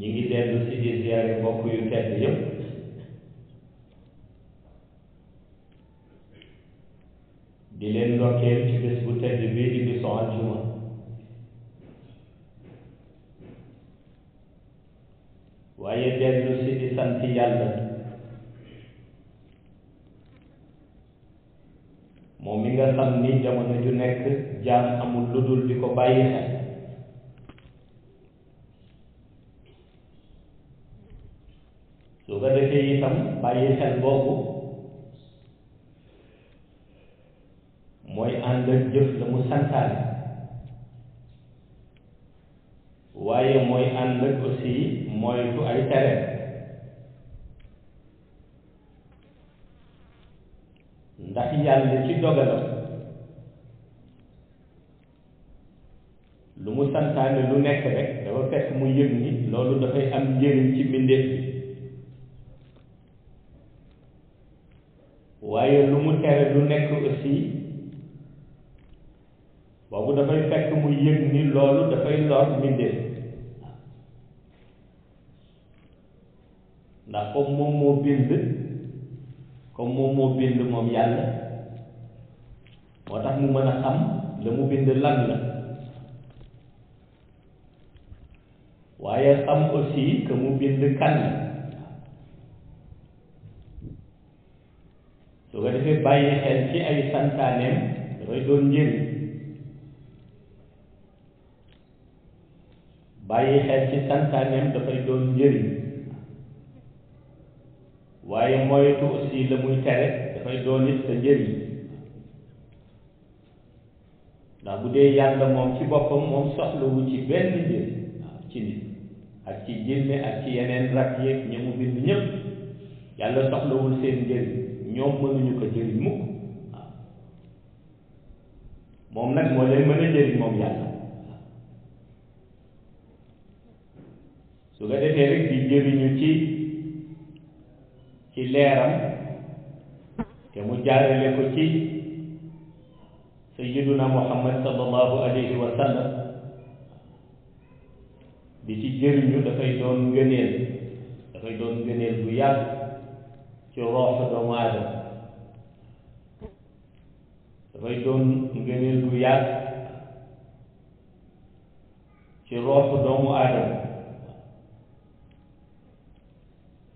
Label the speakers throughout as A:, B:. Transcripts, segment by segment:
A: ñi ngi dellu di ziyaare mbokk yu tedd yépp di leen ndokkeel ci bés di bisu di sant yàlla moom mi nga xam ni jamono ju nekk jaam lu dul di ko bàyyi xel bu ko defee itam bàyyi xel boobu mooy ànd ak jëf la mu santaane waaye mooy ànd ak aussi mooy du ay tere ndax yàlla ci dogalam lu mu santaane lu nekk rek dafa fekk mu yëg ni loolu dafay am njëriñ ci mbindeef waaye lu mu tere lu nekk aussi boobu dafay fekk mu yëg ni loolu dafay lor mbindéef ndax comme moom moo bind comme moom moo bind moom yàlla moo tax mu mën a xam la mu bind lan la waaye xam aussi que mu bind kan la su ko defee bàyyi xel ci ay santaaneem dafay doon njëriñ bàyyi xel ci santaaneem dafay doon waaye moytu aussi la muy tere dafay doon sa njëriñ ndax bu dee yàlla moom ci boppam moom soxlawu ci benn njëriñ waaw ci nit ak ci jinne ak ci yeneen rakk yëpp ñi bind ñëpp yàlla soxlawul seen njëriñ ñoom mënuñu ko jëriñ mukk moom nag moo leen mën jëriñ moom yàlla su nga defee di jëriñu ci ci leeram te mu jaarale ko ci sayyiduna muhammad sallallahu alayhi wa di ci jëriñu dafay doon ngëneel dafay doon ngëneel bu yàgg ci rooxu doomu aadama dafay doon ngëneel gu yàgg ci rooxu doomu aadama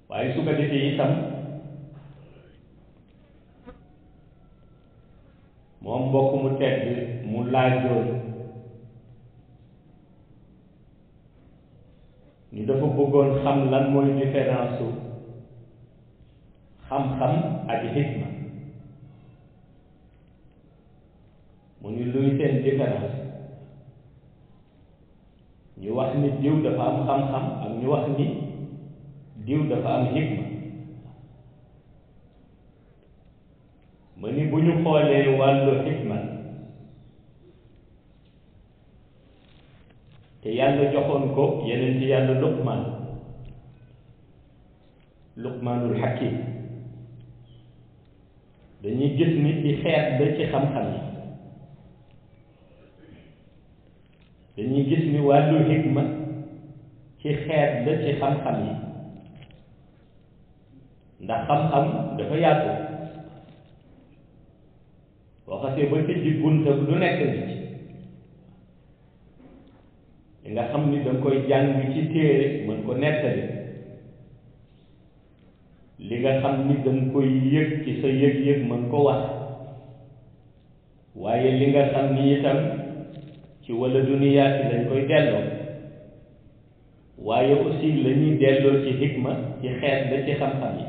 A: waaye su ko itam moom mbokk mu tedd mu laajoon ni dafa bëggoon xam lan mooy différence xam-xam ak xikma mu ni luy seen différence ñu wax ni diw dafa am xam-xam ak ñu wax ni diw dafa am xikma mu ni bu ñu xoolee wàllu xikma te yàlla joxoon ko yeneen ci yàlla luqmaan luqmaanul hakim dañuy gis ni ci xeet la ci xam-xam yi dañuy gis ni wàllu xikma ci xeet la ci xam-xam yi ndax xam-xam dafa yaatu boo xasee ba tijji bunta lu nekk ni ci li nga xam ni danga koy jàng ci téere mën ko nettali li nga xam ni danga koy yëg ci sa yëg-yëg mën ko wax waaye li nga xam ni itam ci wala duniyaa ci lañ koy delloo waaye aussi la delloo ci hikma ci xeet la ci xam-xam yi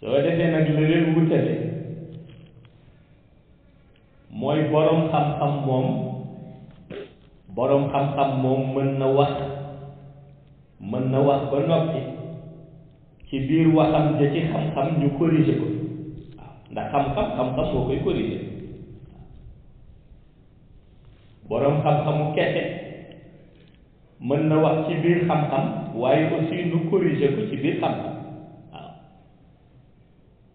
A: soo defee nag la leen wutale mooy boroom xam-xam moom boroom xam-xam moom mën na wax mën na wax ba noppi ci biir waxam ja ci xam-xam ñu corrigé ko waaw xam-xam xam-xam moo koy corrigé boroom xam-xamu kese mën na wax ci biir xam-xam waaye aussi ñu corrigé ko ci biir xam-xam waaw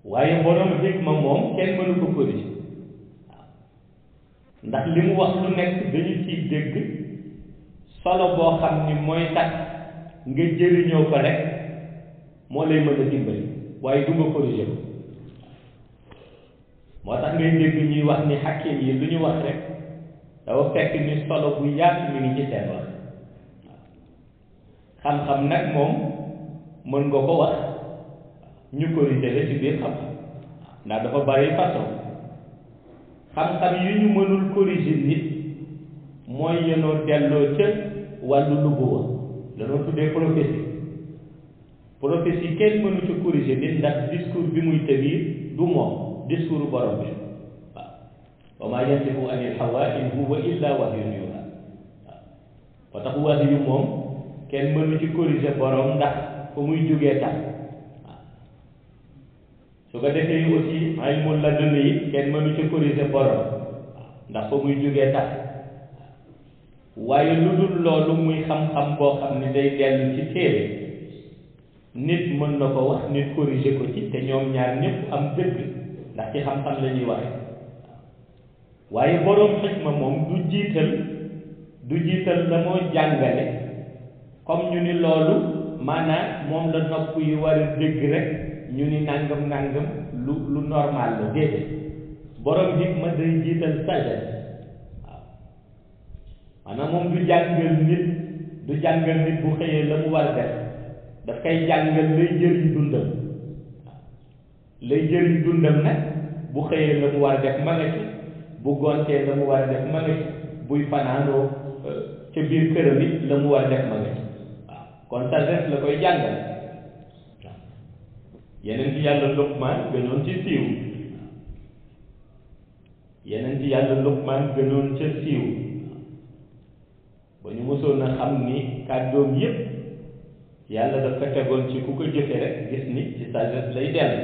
A: waaye boroom hikma moom kenn mënu ko corrigé ndax li mu nekk dañu ciy dégg solo boo xam ni mooy nga jëriñoo ko rek moo lay mën a dimbali waaye du nga corrigé ko moo tax ngay dégg ñuy wax ni xakim yi lu ñu wax rek dafa fekk ni solo bu yaatu mi ngi ci seen xam-xam nag moom mën nga ko wax ñu corrigé la ci biir xam nit mooy yenoo delloo ca wàllu lubu wa danoo tuddee prophétie prophétie kenn mënu ci corriger nit ndax discours muy tëbiir du moom discours borom bi waaw wa maa yantiqu anil hawaa in huwa illa wahyun yuuhaa waaw moo tax wahyu moom kenn mënu ci corriger borom ndax fa muy jógee tax waaw su ko defee aussi ilmul kenn mënu ci borom ndax fa muy jógee tax lu dul loolu muy xam-xam boo xam ne day dellu ci téere nit mën na ko wax nit corrigé ko ci te ñoom ñaar ñëpp am dëgg ndax ci xam-xam la ñuy waaye boroom xikma moom du jiital du jiital la moo jàngale comme ñu ni loolu maanaam moom la nopp yu war a dégg rek ñu ni nàngam nàngam lu lu normal la déedéet boroom xikma day jiital sagesse waaw maanaam moom du jàngal nit du jàngal nit bu xëyee la mu war def daf koy jàngal lay jëriñ dundam lay jëriñ dundam nag bu xëyee la mu war a def ma bu gontee la mu war def ma buy fanaanoo euh, ca biir këram it la mu war def ma waaw kon sagesse la koy jàngal waaw yeneen ci yàlla Luqmaan gënoon ci siiw yeneen ci yàlla Luqmaan gënoon ca siiw ba ñu mësoon a xam ni kàddoom yépp yàlla dafa tegoon ci ku ko jëfe rek gis ni ci sagesse lay dell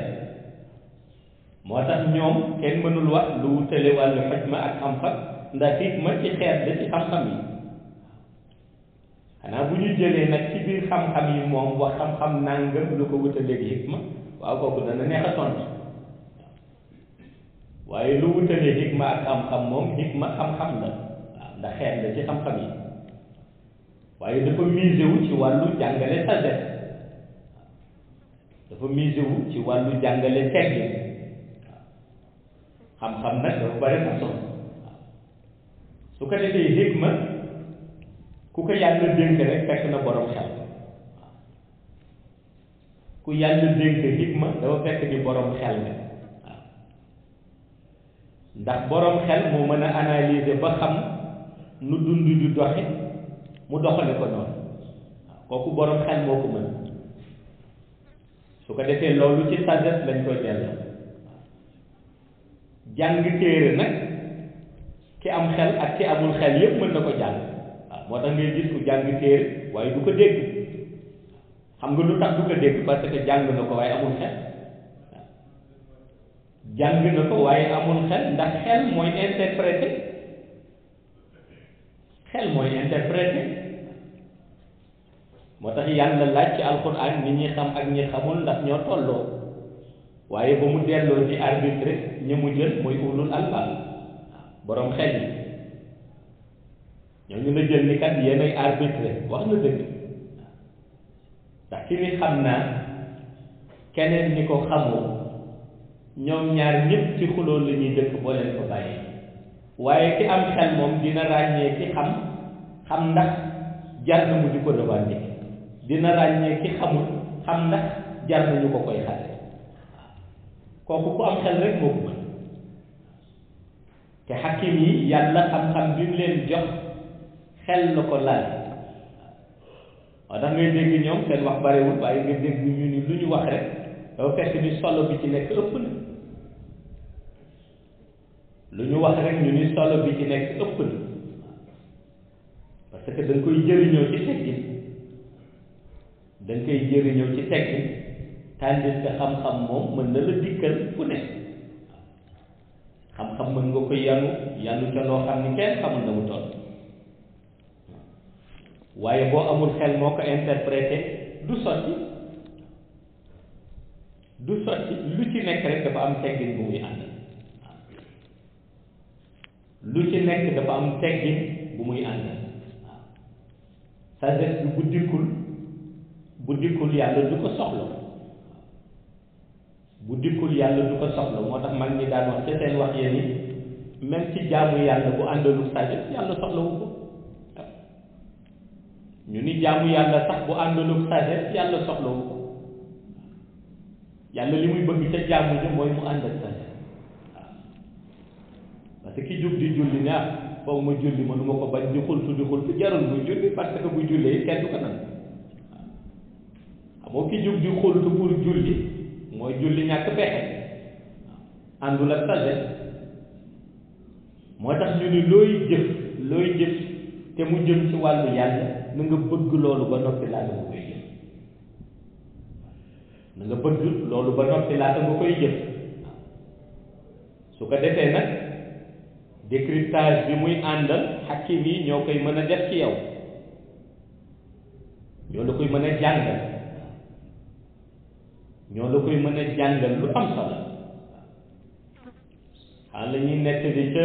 A: moo tax ñoom kenn mënul wax lu wutale wàllu xikma ak ndax xikma ci xeet la ci xam-xam yi xanaa bu ñu jëlee nag ci biir xam-xam yi moom wax xam-xam nangam lu ko wutaleeg xikma waaw kooku dana neex a tontu waaye lu wutalee xikma ak xam-xam moom xikma xam-xam la waaye dafa misé ci wàllu jàngale sagesse dafa misé ci wàllu jàngale teggin waaw xam-xam nag dafa bari façon su ko defee hikma ku ko yàlla dénk rek fekk na borom xel ku yàlla dénk hikma dafa fekk ni borom xel la ndax borom xel moo mën a analyser ba xam nu dund di doxe mu doxale ko noonu waaw kooku borom xel moo ko mën su ko defee loolu ci sagesse lañ koy delloo jàng téere nag ki am xel ak ki amul xel yépp mën na ko jàng waaw moo tax du ko dégg nga lu tax du ko dégg parce que jàng na ko waaye amul xel jàng na ko waaye amul xel ndax xel mooy interpréter xel mooy interpréter moo tax yàlla laaj ci alxuraan ni ñi xam ak ñi xamul ndax ñoo tolloo waaye ba mu delloo ci arbitre ñi mu jël mooy ulul albaab boroom xel yi ñoo ñu la jël ni kat yéenay arbitre wax na dëgg ndax ki ni xam naa keneen ni ko xamoo ñoom ñaar ñëpp ci xuloo la dëkk boo leen ko bàyyi waaye ki am xel moom dina ràññee ki xam xam ndax jar na mu di ko dina ràññee ki xamul xam ndax jar nañu ko koy xale kooku ku am xel rek moo ko mën te xakim yi yàlla xam-xam bi leen jox xel la ko laal waaw da ngay dégg ñoom seen wax barewul waaye nga dégg ñu ni lu ñu wax rek dafa fekk ni solo bi ci nekk ëpp na lu ñu wax rek ñu ni solo bi ci nekk ëpp na parce que koy jëriñoo ci teggin da nga ci tekki tandis que xam-xam moom mën na la dikkal fu ne xam-xam mën nga ko yanu yanu ca xam ni kenn xamul na mu toll waaye boo amul xel moo ko interprété du sotti du sotti lu ci nekk rek dafa am teggin bu muy ànd lu ci nekk dafa am teggin bu muy ànd waaw sagesse bi bu dikkul dikkul yàlla du ko soxla bu dikkul yàlla du ko soxla moo tax mag ñi daan wax seen wax yéen ni même jaamu yàlla bu àndalu sagesse yàlla yàlla sax bu ko yàlla li muy bëgg ca jaamu ji mooy mu ànd ak parce que ki jub di julli ne ah foofu ma julli mënuma ko bañ di xultu di xultu jarul muy julli parce que bu jullee kenn du ko moo ki jug di juli pour julli mooy julli ñàkk pexe àndul ak sagesse moo tax ñu ni looy te mu jëm ci wàllu yàlla na nga bëgg ba noppi laata nga koy jëf na nga bëgg ba noppi laata nga koy jëf su ko defee nag décryptage bi muy àndal xakim yi ñoo koy mën a def ci koy mën a jàngal ñoo la koy mën a jàngal lu am solo xaal la ñuy nekk di ca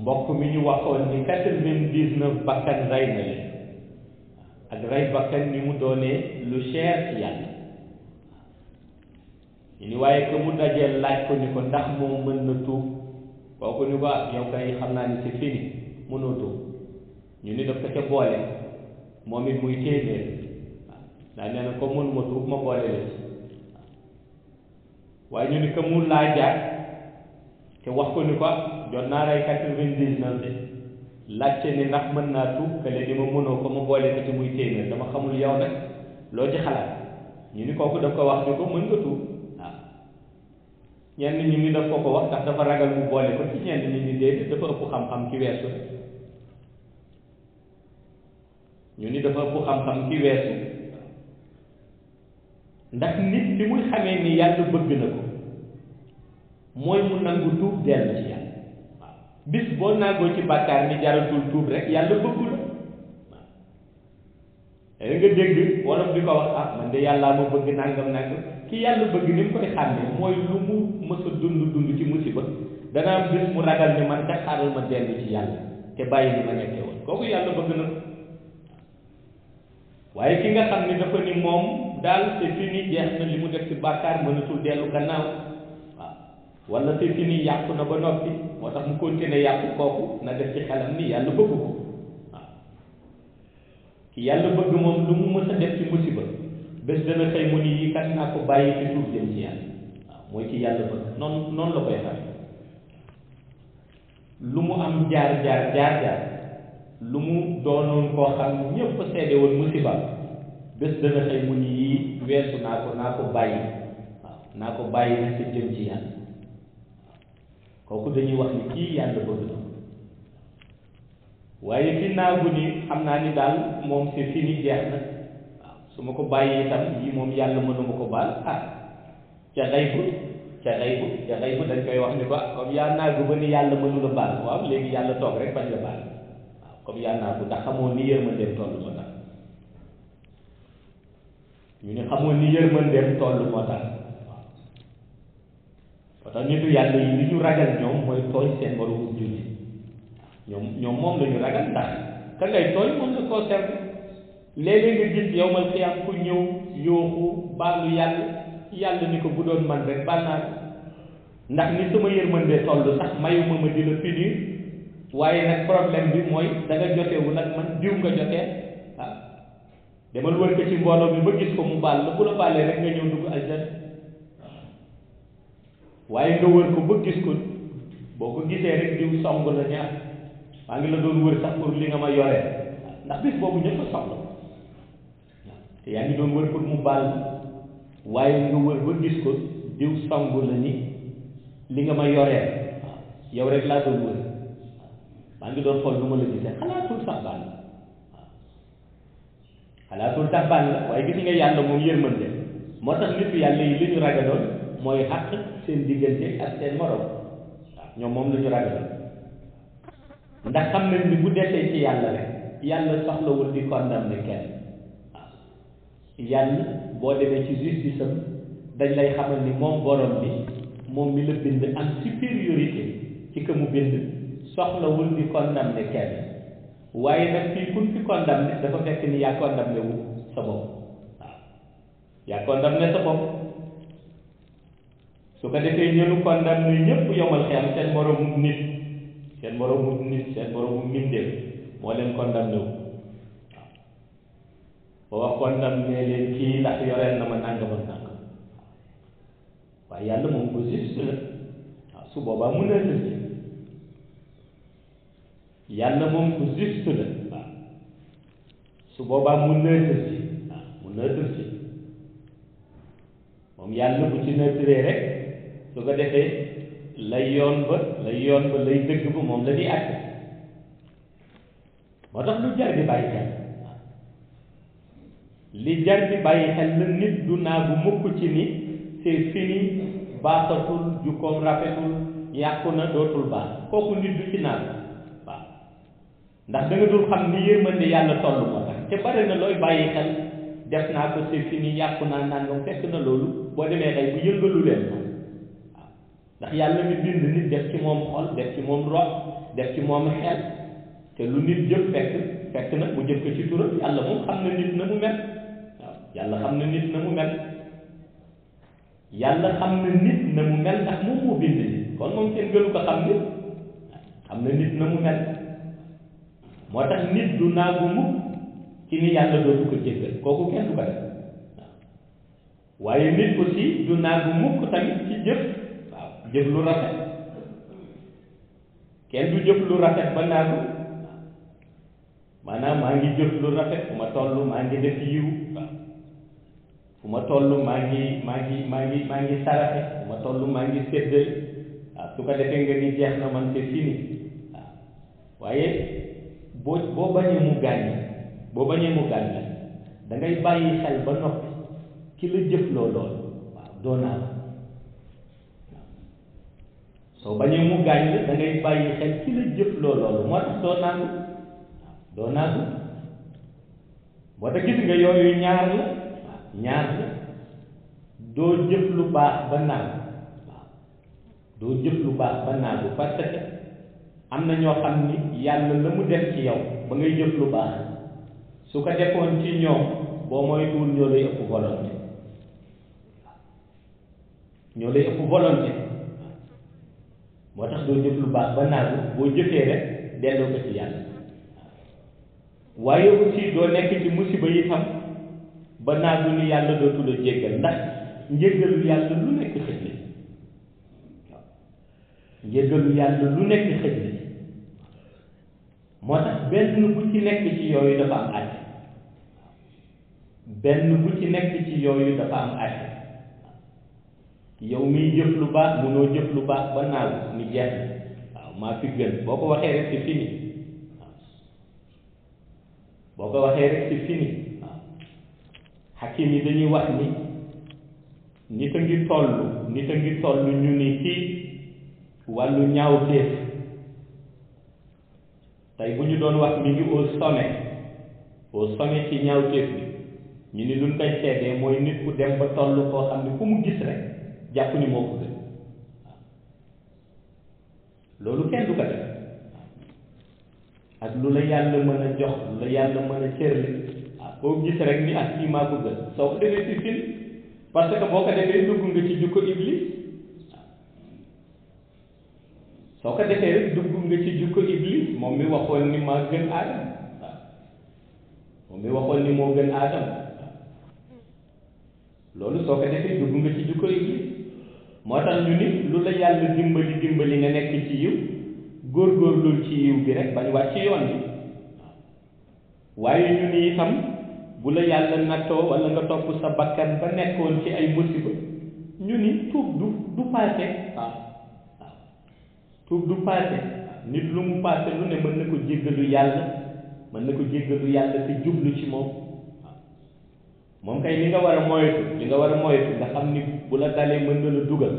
A: mbokk mi ñu waxoon ni quatre-vingt-dix-neuf bakkan rey na leen ak rey mu doonee lu cher ñu ni waaye que mu dajee laaj ko ni ko ndax moo mën na tuub kooku ni ko ak ah, yow kay xam naa ni ñu ni daf ko ca boole moom it muy téeméer ndax nee na mënuma tuub ma boole la ci waaye ñu ni que laa jaar te wax ko ni ko jot naa rey quatre-vingt-dix-neuf de ni ndax mën naa tuub que ni ma mënoo ko ma boole ko ci muy téeméer dama xamul yow nag loo ci xalaat ñu ni kooku daf ko wax ni ko mën nga tuub waaw ñenn ni daf ko ko wax ndax dafa ragal mu boole ko ci ñenn ñi ni déedéet dafa ëpp xam-xam ci weesu ñu ni dafa ëpp xam-xam ci weesu ndax nit li muy xamee ni yàlla bëgg na ko mooy mu nangu tuub dellu ci yàlla waaw bis boo nangoo ci bàkkaar ni jaratul tuub rek yàlla bëggu la waaw nga dégg wolof di ko wax ah man de ma bëgg nangam nangam ki yàlla bëgg ni mu koy xàmmee mooy lu mu mës dund dund ci musiba dana am bis mu ragal ni man kat xaaral ma dellu ci yàlla te bàyyi ni ma nekkee woon kooku yàlla bëgg na ko waaye ki nga xam ni dafa ni moom daal c'est fini jeex na li mu def ci bàkkaar mënatul dellu gannaaw waaw wala c'est fini yàqu na ba noppi moo tax mu continuer yàqu kooku na def ci xelam ni yàlla bëgg ko waaw ki yàlla bëgg moom lu mu mës def ci musiba bés dana xëy mu ni yi kat naa ko bàyyi ci suuf jëm ci yàlla waaw mooy ci yàlla bëgg noonu noonu la koy xam lu mu am jaar jaar jaar jaar lu mu doonoon koo xam ñépp seede woon musiba bés dana xëy mu ni yii weesu naa ko naa ko bàyyi waaw naa ko bàyyi nag te jëm ci yàlla kooku dañuy wax ni kii yàlla bëgg na waaye ki ni xam naa ni daal moom c'est fini jeex na waaw su ma ko bàyyi itam yii moom yàlla mënuma ko baal ah koy wax ni ko ah, comme yaa naa ba ni yàlla mënula baal waaw léegi yàlla toog rek bañ la baal waaw comme yaa naagu ndax ni tollu ba tax ñu ne xamul ni yërmandeem toll moo tax waaw moo tax yàlla yi li ñu ragal ñoom mooy tooñ seen moromu jullit ñoom ñoom moom la ragal ndax ka ngay tooñ mën nga koo serve léeg nga gis yow mal xiyaam ku ñëw yooxu baalu yàlla yàlla ni ko bu doon man rek baal ndax ni sama yërmande toll sax mayuma ma di la waaye nag problème bi mooy da nga jotewu nag man diw nga jotee demal wër ko ci mbooloo mi ba gis ko mu baal la bu la baalee rek nga ñëw dugg aljana waaye nga wër ko ba gis ko boo ko gisee rek diw song la ñaar maa ngi la doon wër sax pour li nga ma yore ndax bis boobu ñëpp a soxla yaa ngi doon wër pour mu baal waaye nga wër ba gis ko diw song la ni li nga ma yoree yow rek laa doon wër maa ngi doon xool lu la gisee xalaatul sax baal xalaatul tabbaan la waaye gis nga yàlla moom yërmande moo tax nitu yàlla yi li ñu ragaloon mooy xàq seen diggante ak seen morom waaw ñoom moom la ñu ragaloon ndax xam nañ ni bu desee ci yàlla rek yàlla soxlawul di condamné kenn yàlla boo demee ci justice am dañ lay xamal ni moom borom bi moom mi la bind am supériorité ci que bind soxlawul di condamné kenn waaye nag fii kun fi condamné dafa fekk ni wu sa bopp waaw yaa condamné sa bopp su ko defee ñënu condamné ñëpp yomal xel seen moroomu nit seen moroomu nit seen moroomu mbindeef moo leen condamné wu waaw ba wax condamné leen kii ndax yoreel na ma nangam ak nangam waaye yàlla moom ko juste la waaw su boobaa yàlla moom ku juste la waaw su boobaa mu neutre si mu neutre si moom yàlla bu ci neutre rek su ko defee lay ba lay ba lay dëgg ba moom la ñuy àtt moo tax lu jar di bàyyi xel li jar di bàyyi xel la nit du naa bu mukk ci ni c'est fini baaxatul jukkoom na dootul baax kooku nit du ci naan ndax da nga dul xam ni yërmande yàlla toll moo tax te bare na looy bàyyi xel def naa ko c'est fini yàqu naa nangam fekk na loolu boo demee day bu yëngalu leen ko waaw ndax yàlla mi bind nit def ci moom xol def ci moom rox def ci moom xel te lu nit jëf fekk fekk na mu jëf ko ci turam yàlla moom xam na nit na mu mel waaw yàlla xam na nit na mu mel yàlla xam na nit na mu mel ndax moom moo bind nit kon moom seen gënu ko xam nit xam na nit na mu moo tax nit du naagu mukk ci ni yàlla dootu ko jéggal kooku kenn du ko def waaw waaye nit aussi du naagu ci jëf waaw jëf lu rafet kenn du jëf lu rafet ba naagu maanaam maa ngi jëf lu rafet fu ma toll maa ngi def yiw ma toll maa ngi maa ngi maa ngi ma toll maa ngi séddale waaw su ko defee nga ni jeex na man boo boo bañee mu gaañ la boo bañee mu gaañ la da bàyyi xel ba noppi ki la jëfloo waaw doonaa la waaw soo bañee mu gaañ la da bàyyi xel ki la jëfloo moo tax doonaa la waaw doonaa la moo tax gis waaw doo jëf lu baax ba naagu waaw doo jëf lu baax ba naagu parce que am na ñoo xam ni yàlla la mu def ci yow ba ngay jëf lu baax su ko defoon ci ñoom boo mooy duul ñoo lay ëpp volonté ñoo lay ëpp volonté moo tax doo jëf lu baax ba naagu boo jëfee rek delloo ko ci yàlla waaye aussi doo nekk ci musiba yi xam ba naagu ni yàlla dootu jéggal ndax njéggalu yàlla lu nekk xëj na waaw njéggalu yàlla lu nekk xëj na moo tax benn bu ci nekk ci yooyu dafa am àtte benn bu ci nekk ci yooyu dafa am àtte yow miy jëf lu baax mënoo jëf lu baax ba naaw ni jeex waaw maa fi gën boo ko waxee rek c'est fini waaw boo ko waxee rek c'est fini waaw xakim yi dañuy wax ni nit a ngi toll nit a ngi toll ñu ni ci wàllu ñaaw téef tey bu ñu doon wax mi ngi au sommet au sommet ci ñaawteef ñu ni luñ koy seetee mooy nit ku dem ba toll koo xam ne ku mu gis rek jàpp ni moo ko loolu kenn du ko def ak lu la yàlla mën a jox lu la yàlla mën a cërle ah koo gis rek ni ak kii maa soo ko defee ci fin parce que boo ko defee dugg nga ci jukko iblis soo ko defee rek dugg nga ci jukko iblis moom mi waxoon ni maa gën aadam waaw moom mi waxoon ni moo gën aadam loolu soo ko defee dugg nga ci jukko iblis moo tax ñu nit lu la yàlla dimbali dimbali nga nekk ci yiw góorgóorlu ci yiw bi rek bañ wàcc yoon bi waaye ñu ni itam bu la yàlla nattoo wala nga topp sa bakkan ba nekkoon ci ay musiba ñu ni tuub du du paase waaw tuub du paase nit lu mu paase lu ne mën na ko jéggalu yàlla mën na ko lu yàlla te jublu ci moom moom kay li nga war a moytu li nga war a moytu nga xam ni bu la dalee mën na la dugal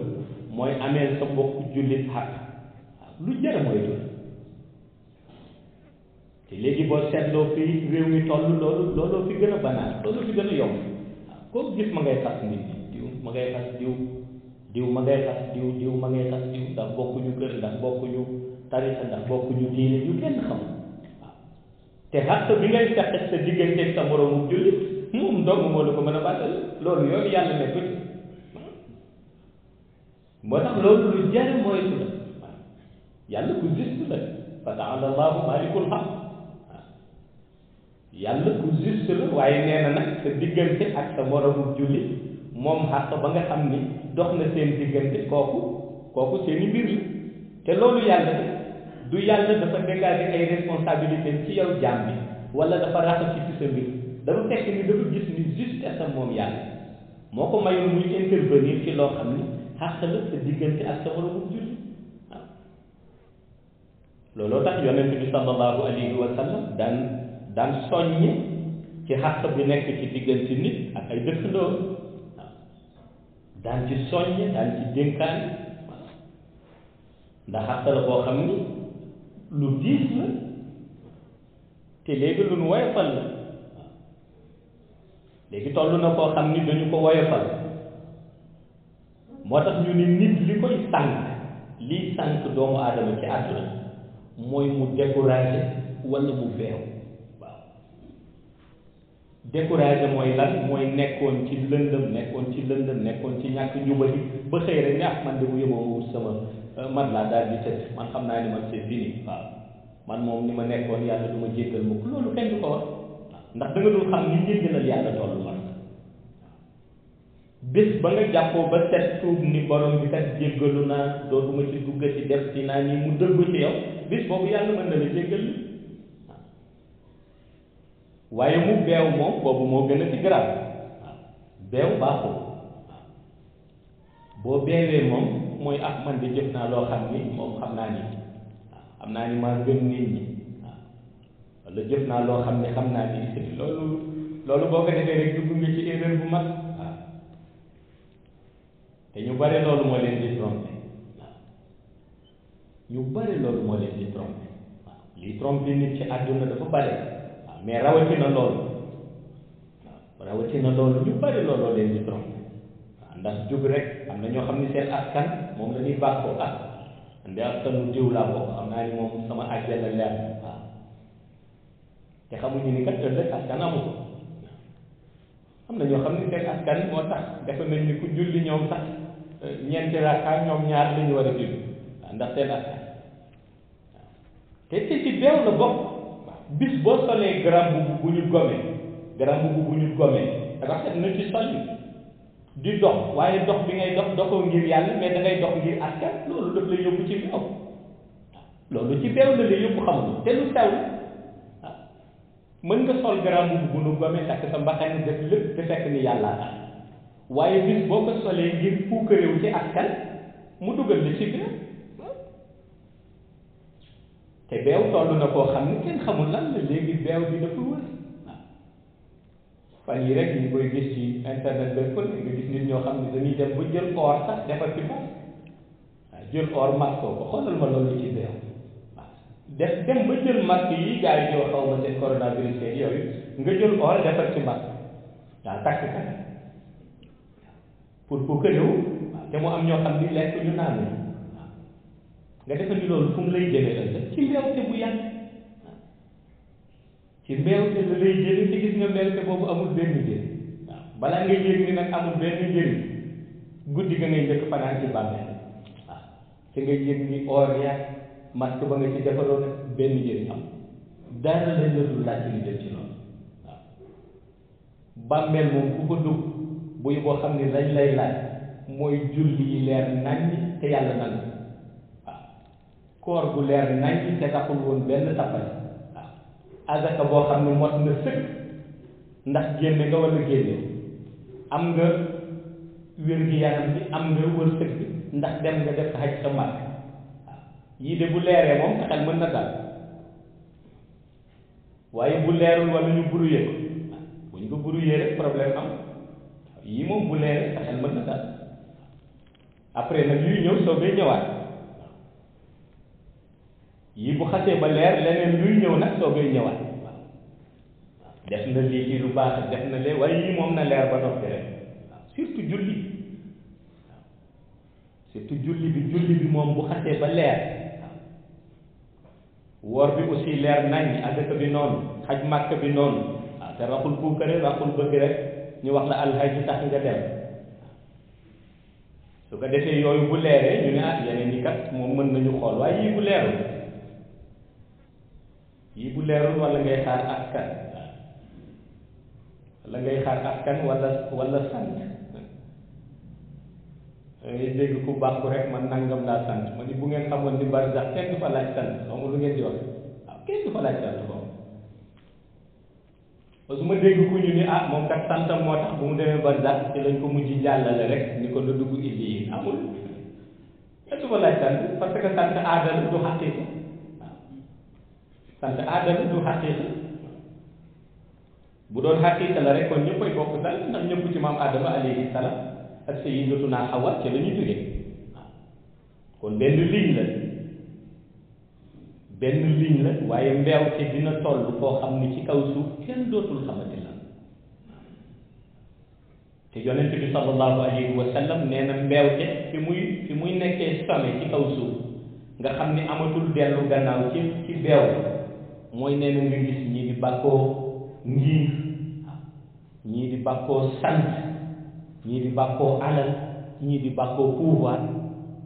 A: mooy amee sa bokk jullit xaq lu jar a moytu te léegi boo seetloo fii réew mi toll loolu looloo fi gën a banaan looloo fi gën a yomb waaw koo gis ma ngay fas nit ñi ma ngay fas diw diw ma ngay xas diw diw ma ngay xas diw ndax bokkuñu kër ndax bokkuñu tarixa ndax bokkuñu diine ñu kenn xamul waaw te xàq bi ngay seq sa digganteeg sa moroomu jullit moom dong moo la ko mën a bàttal loolu yoonu yàlla nekku ci moo tax loolu lu jare moytu la waaw yàlla ku juste la fa taala allahu malikul xaq waaw yàlla ku juste la waaye nee na nag sa diggante ak sa moroomu jullit moom xàq ba nga xam ni dox na seen diggante kooku kooku seeni mbir la te loolu yàlla du yàlla dafa a ay responsabilités ci yow jaam bi wala dafa raxas ci sa mbir dafa fekk ni dafa gis ni juste sa moom yàlla moo ko intervenir ci loo xam ni xàq la sa diggante ak sa moromu julli waaw ah. looloo tax yonent bi sallallahu alayhi wa sallam daan daan soññe ci xàq bi nekk ci diggante nit daan ci soññ daan ci dénkaan ndax xatta la xam ni lu diis la te léegi lu nu woyofal la léegi toll na koo xam ni dañu ko woyofal moo tax ñu ni nit li koy sànk liy sànk doomu aadama ci àdduna mooy mu découragé walla mu beew découragé mooy lan mooy nekkoon ci lëndëm nekkoon ci lëndëm nekkoon ci ñàkk njubali ba xëy rek ne ah man de bu yóbboo sama euh, man laa daal di tëdd man xam naa ni man c'est fini waaw man moom ni ma nekkoon yàlla du ma jéggal mukk loolu kenn du ko wax ndax da nga xam ni jéggalal yàlla toll man bés ba nga jàppoo ba set tuub ni borom bi kat jéggalu naa dootuma ci duggati def dinaa nii mu dëggu ci yow boobu yàlla mën na la jéggal waaye mu beew moom boobu moo gën a ci garab waaw beew baaxul waaw boo beewee moom mooy ak ah, man de jëf naa loo xam ni moom xam naa ni xam naa ni wala jëf naa loo xam ne xam naa ni loolu loolu boo ko defee rek dugg nga ci erreur bu mag waaw te ñu bare loolu moo leen di trompé waaw ñu bare loolu moo leen di trompé waaw liy trompé nit ci àdduna dafa bare mais rawatina loolu waaw rawatina loolu ñu bari looloo leen di trompé waaw ndax jug rek am na ñoo xam ne seen askan moom la ñuy bàkkoo ak ande askanu diw laa bokk xam naa ni moom sama àjjana leer waaw te xamuñu ni kat ëllëg askan amu ko am na ñoo xam ne seen askan moo tax dafa ni ku julli ñoom sax ñeenti rakka ñoom ñaar la ñu war a julli waaw ndax seen askan waaw te te ci beew la bokk bis boo solee garam bu bu ñu gomee garam bu bu ñu gomee rafet na ci sol di dox waaye dox bi ngay dox doxoo ngir yàlla mais da dox ngir askan loolu daf la yóbbu ci beew loolu ci beew la la yóbbu xamul te lu sew ah, mën nga sol garam bu bu ñu gomee takk sa mbaxane def lépp te fekk ni yàlla tax waaye bis boo ko solee ngir puukaréew ci askan mu dugal la ci biir te beew toll na koo xam ne kenn xamul lan la léegi beew bi dafa wër fan yi rek ñu koy gis ci internet beeg fële nga gis nit ñoo xam ne dañuy dem ba jël or sax defar ci moom jël or masque ko xoolal ma loolu ci beew waaw def dem ba jël masque yi gars yi xaw ma seen coronavirus feeg yooyu nga jël or defar ci masque waaw takk kan pour pour que ñëw te mu am ñoo xam ni lekk ñu naan nga defe ni loolu fu mu lay jëlee la ci mbeewte bu yàgg waaw ci mbeewte la boobu amul benn njëriñ waaw balaa ngay yëg ni nag amul benn njëriñ guddi ga ngay njëkk fanaan ci bàmmeel waaw te nga yëg ni or ya masque ba nga ci defaloon benn njëriñ am dara lañ la dul laaj li jëm ci loolu waaw bàmmeel moom ku ko dugg buy boo xam ne lañ lay laaj mooy julli leer nañ te yàlla nan koor bu leer nañ ci te woon benn tappale waaw azaka boo xam ne mot na sëkk ndax génne nga wala génne am nga wér-gi-yaram bi am nga wërsëg bi ndax dem nga def xaj sa màkk yii de bu leeree moom xel mën na dal waaye bu leerul wala ñu brouillé ko bu ñu ko brouillé rek problème am yii moom bu leeree xel mën na dal après nag yuy ñëw soobee ñëwaat. yii bu xasee ba leer leneen luy ñëw nag soo koy ñëwaat waaw def na lii ci lu baax def na lee waaye yii moom na leer ba noppi rek waaw julli waaw julli bi julli bi moom bu xasee ba leer waaw woor bi aussi leer nañ adaka bi noonu xaj màkk bi noonu waaw te raxul puukare raxul bëgg rek ñu wax la alxaji tax nga dem su ko defee yooyu bu leeree ñu ne ah yeneen yi kat moom mën nañu xool waaye yii bu leerul yii bu leerul wala ngay xaar askan wala ngay xaar askan wala wala sant dangay dégg ku bàkku rek man nangam laa sant ma ni bu ngeen xamoon ni bari sax kenn du fa laaj sant xaw ma lu ngeen di wax ah kenn du fa laaj sant xaw ma su ma dégg ku ñu ni ah moom kat santam moo tax bu mu demee bari sax ci lañ ko mujj jàllale rek ni ko da dugg illi yi amul kenn du fa laaj sant parce que sant aadal du xaqiqa parce que du xaqiiqa bu doon xaqiiqa la rek kon ñëpp koy bokk sant ndax ñëpp ci maam aadama alayhi salaam ak Hawa ci la ñu jógee waaw kon benn ligne la benn ligne la waaye mbeew te dina toll foo xam ni ci kaw suuf kenn dootul xamante la te yonent bi sallallahu alayhi wa sallam nee na mbeew te muy fi muy nekkee sommet ci kaw suuf nga xam ni amatul dellu gannaaw ci ci mooy nee na nga gis ñii di bàkkoo ngir ñii di bàkkoo sant ñii di bàkkoo alal ñii di bàkkoo pouvoir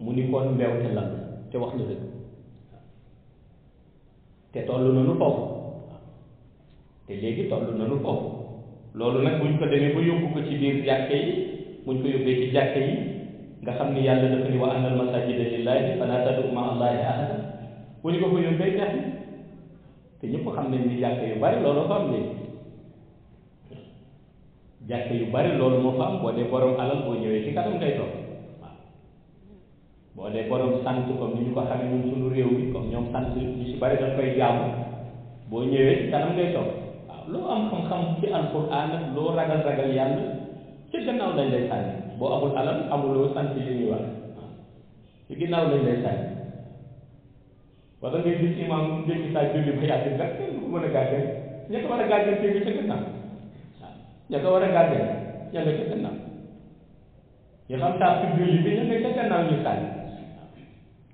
A: mu ni kon mbewte la te wax na dëgg te toll nañu foofu te léegi toll nañu foofu loolu nag buñ ko demee ba yóbbu ko ci biir jàkke yi buñ ko yóbbee ci jàkke yi nga xam ni yàlla dafa ni wa annal masajida lillahi fala tad'u ma'a allahi ahada bu ñu ko ko yóbbee te ñëpp xam nañ ni jàkk yu bari loolu am léegi jàkk yu bari moo fa boo dee borom alal boo ñëwee ci kanam ngay toog boo dee borom sant comme ni ñu ko xamee ñun suñu réew mi comme ñoom sant ñu si bari dañ koy jaamu boo ñëwee ci kanam ngay toog waaw loo am xam-xam ci alxuraan ak loo ragal ragal yàlla ci gannaaw lañ lay sànni boo amul alal amuloo sant li ñuy a ci ginnaaw lañ lay sànni. wala ngay gis imam jékki saa julli ba yàgg nga kenn ko mën a gàddeel ña ko war a gàddeel tey nga ca gannaaw waaw ña ko war a gàddeel ña nga ca gannaaw ñu xam saa si julli bi ña nga ca gannaaw ñu sànni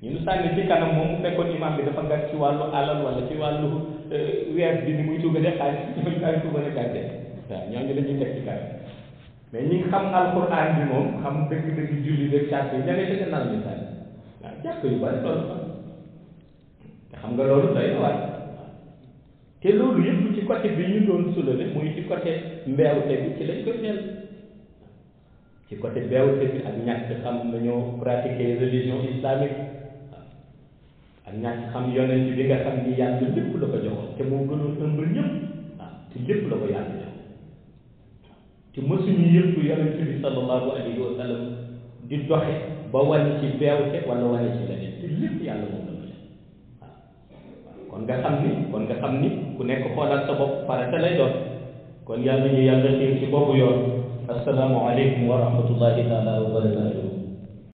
A: ñu nu sànni ci kanam moom mu fekkoon imam bi dafa gàtt ci wàllu alal wala ci wàllu euh, weer bi ni muy tuuga def xaalis ñooñu daal ko mën a gàddeel waaw ñooñu la ñuy teg ci kanam mais ñi xam alquran bi moom xam dëgg-dëgg julli beeg saa si ña nga ca gannaaw ñu sànni waaw jàpp yu bari loolu xam nga loolu doy na waay te loolu yëpp ci côté bi ñu doon soulever muy ci côté mbeewte bi ci lañ koy mel ci côté mbeewte bi ak ñàkk xam nañoo pratiquer religion islamique ak ñàkk xam yonent bi nga xam ni yàlla lépp la ko joxoon te moo gënoon ëmb ñëpp waaw ah, lépp la ko yàlla jox te mësuñu yëpp yonent bi sallallahu alayhi wa sallam di doxe ba wane ci mbeewte wala wane ci leneen te lépp yàlla moom kon nga xam ni kon nga xam ku nekk xoolaat sa bopp farata lay doon kon yàlla ñu yàlla xiir ci boobu yoon assalaamu aleykum wa rahmatullahi taala